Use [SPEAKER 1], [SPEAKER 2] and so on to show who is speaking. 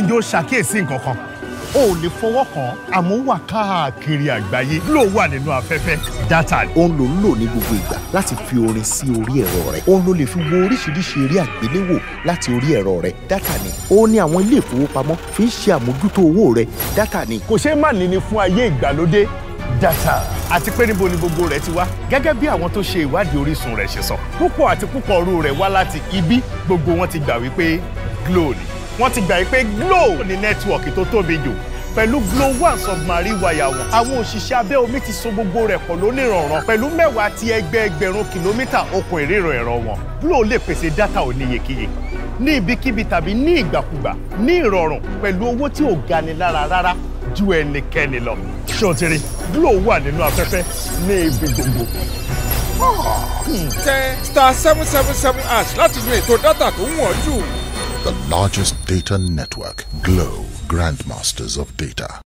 [SPEAKER 1] ǹjẹ́ o ṣàkíyèsí nǹkan kan o ò lè fọwọ́ kàn àmọ́ wà káàkiri àgbáyé ló wà nínú afẹ́fẹ́ dátà. ló ń lò ní gbogbo ìgbà láti fi orin sí orí ẹ̀rọ rẹ̀ òun ló lè fi wo oríṣiríṣi eré àgbéléwò láti orí ẹ̀rọ rẹ̀ dátà ni ó ní àwọn ilé ìfowópamọ́ fi ń ṣe àmójútó owó rẹ̀ dátà ni. kò ṣeé má níní fún ayé ìgbàlódé dátà àti pé níbo ni gbogbo rẹ̀ ti wá gẹ́gẹ́ bí àwọn tó ṣe ìwádìí orísun rẹ̀ ṣe sọ púpọ̀ àti púpọ̀ ọrú rẹ̀ wá láti ibi gbogbo wọn ti gbà wípé Glo ni wọ́n ti gbà pé Glo ní nẹ́tíwọ̀kì tó tóbi jù pẹ̀lú Glo One submarine wire wọn àwọn òṣìṣẹ́ abẹ́ omi ti so gbogbo rẹ̀ pọ̀ lónìrànràn pẹ̀lú mẹ́wàá ti ẹgbẹ́ ẹgbẹ̀rún kìlómítà okùn ìríran ẹ̀rọ wọn Glo lè pèsè dátà oníyekíye ní ibikíbi tàbí ní ìgbàkúgbà ní ìrọ̀rùn pẹ̀lú owó tí ò gani lára rárá ju ẹnikẹ́ni lọ ṣòtiri Glo wà nínú afẹ́fẹ́ ní ibi gbogbo tẹ star seven seven seven ash láti yan ètò dátà tó wọ̀n jù the largest data network, Glow Grandmasters of Data.